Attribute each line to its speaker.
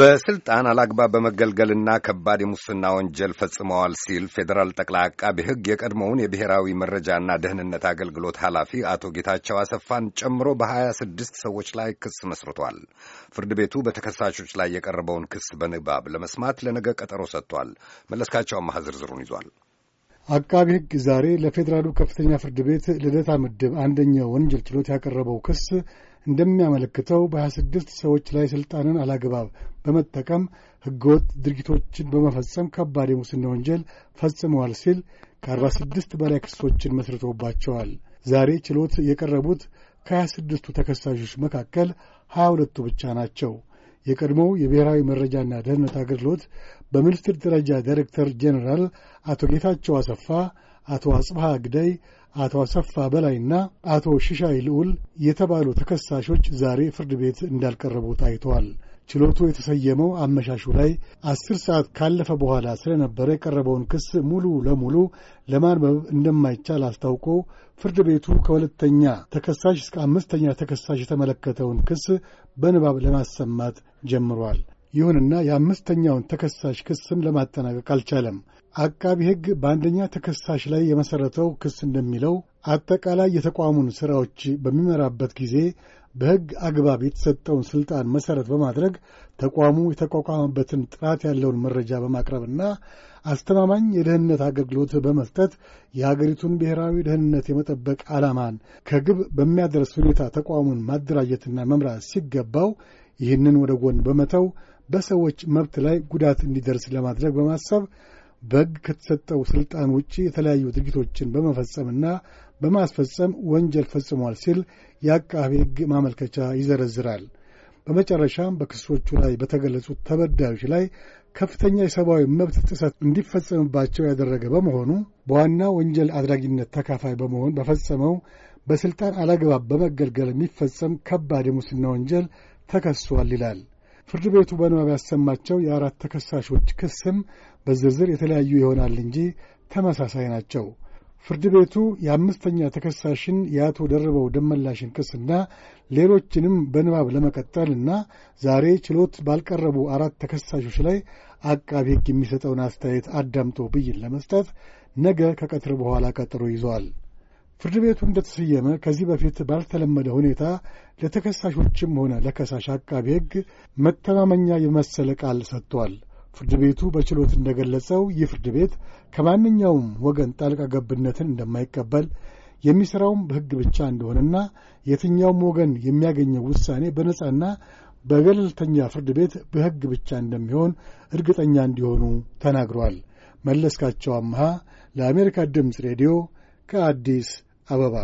Speaker 1: በስልጣን አላግባብ በመገልገልና ከባድ የሙስና ወንጀል ፈጽመዋል ሲል ፌዴራል ጠቅላይ አቃቢ ሕግ የቀድሞውን የብሔራዊ መረጃና ደህንነት አገልግሎት ኃላፊ አቶ ጌታቸው አሰፋን ጨምሮ በሀያ ስድስት ሰዎች ላይ ክስ መስርቷል። ፍርድ ቤቱ በተከሳሾች ላይ የቀረበውን ክስ በንባብ ለመስማት ለነገ ቀጠሮ ሰጥቷል። መለስካቸው አማሃ ዝርዝሩን ይዟል።
Speaker 2: አቃቢ ሕግ ዛሬ ለፌዴራሉ ከፍተኛ ፍርድ ቤት ልደታ ምድብ አንደኛ ወንጀል ችሎት ያቀረበው ክስ እንደሚያመለክተው በ ስድስት ሰዎች ላይ ሥልጣንን አላግባብ በመጠቀም ሕገወጥ ድርጊቶችን በመፈጸም ከባድ የሙስና ወንጀል ፈጽመዋል ሲል ከ46 በላይ ክሶችን መስርቶባቸዋል። ዛሬ ችሎት የቀረቡት ከ 26 ተከሳሾች መካከል 22ቱ ብቻ ናቸው። የቀድሞው የብሔራዊ መረጃና ደህንነት አገልግሎት በሚኒስትር ደረጃ ዳይሬክተር ጄኔራል አቶ ጌታቸው አሰፋ፣ አቶ አጽብሃ ግዳይ፣ አቶ አሰፋ በላይና አቶ ሽሻይ ልዑል የተባሉ ተከሳሾች ዛሬ ፍርድ ቤት እንዳልቀረቡ ታይተዋል። ችሎቱ የተሰየመው አመሻሹ ላይ አስር ሰዓት ካለፈ በኋላ ስለነበረ የቀረበውን ክስ ሙሉ ለሙሉ ለማንበብ እንደማይቻል አስታውቆ ፍርድ ቤቱ ከሁለተኛ ተከሳሽ እስከ አምስተኛ ተከሳሽ የተመለከተውን ክስ በንባብ ለማሰማት ጀምሯል። ይሁንና የአምስተኛውን ተከሳሽ ክስም ለማጠናቀቅ አልቻለም። አቃቢ ሕግ በአንደኛ ተከሳሽ ላይ የመሠረተው ክስ እንደሚለው አጠቃላይ የተቋሙን ሥራዎች በሚመራበት ጊዜ በሕግ አግባብ የተሰጠውን ሥልጣን መሠረት በማድረግ ተቋሙ የተቋቋመበትን ጥራት ያለውን መረጃ በማቅረብና አስተማማኝ የደህንነት አገልግሎት በመስጠት የሀገሪቱን ብሔራዊ ደህንነት የመጠበቅ ዓላማን ከግብ በሚያደርስ ሁኔታ ተቋሙን ማደራጀትና መምራት ሲገባው ይህንን ወደ ጎን በመተው በሰዎች መብት ላይ ጉዳት እንዲደርስ ለማድረግ በማሰብ በሕግ ከተሰጠው ሥልጣን ውጪ የተለያዩ ድርጊቶችን በመፈጸምና በማስፈጸም ወንጀል ፈጽሟል ሲል የአቃቢ ሕግ ማመልከቻ ይዘረዝራል። በመጨረሻም በክሶቹ ላይ በተገለጹት ተበዳዮች ላይ ከፍተኛ የሰብአዊ መብት ጥሰት እንዲፈጸምባቸው ያደረገ በመሆኑ በዋና ወንጀል አድራጊነት ተካፋይ በመሆን በፈጸመው በሥልጣን አላግባብ በመገልገል የሚፈጸም ከባድ የሙስና ወንጀል ተከሷል ይላል። ፍርድ ቤቱ በንባብ ያሰማቸው የአራት ተከሳሾች ክስም በዝርዝር የተለያዩ ይሆናል እንጂ ተመሳሳይ ናቸው። ፍርድ ቤቱ የአምስተኛ ተከሳሽን የአቶ ደርበው ደመላሽን ክስና ሌሎችንም በንባብ ለመቀጠል እና ዛሬ ችሎት ባልቀረቡ አራት ተከሳሾች ላይ አቃቢ ሕግ የሚሰጠውን አስተያየት አዳምጦ ብይን ለመስጠት ነገ ከቀትር በኋላ ቀጠሮ ይዘዋል። ፍርድ ቤቱ እንደተሰየመ ከዚህ በፊት ባልተለመደ ሁኔታ ለተከሳሾችም ሆነ ለከሳሽ አቃቢ ሕግ መተማመኛ የመሰለ ቃል ሰጥቷል። ፍርድ ቤቱ በችሎት እንደገለጸው ይህ ፍርድ ቤት ከማንኛውም ወገን ጣልቃ ገብነትን እንደማይቀበል የሚሠራውም በሕግ ብቻ እንደሆነና የትኛውም ወገን የሚያገኘው ውሳኔ በነጻና በገለልተኛ ፍርድ ቤት በሕግ ብቻ እንደሚሆን እርግጠኛ እንዲሆኑ ተናግሯል። መለስካቸው አምሃ ለአሜሪካ ድምፅ ሬዲዮ ከአዲስ አበባ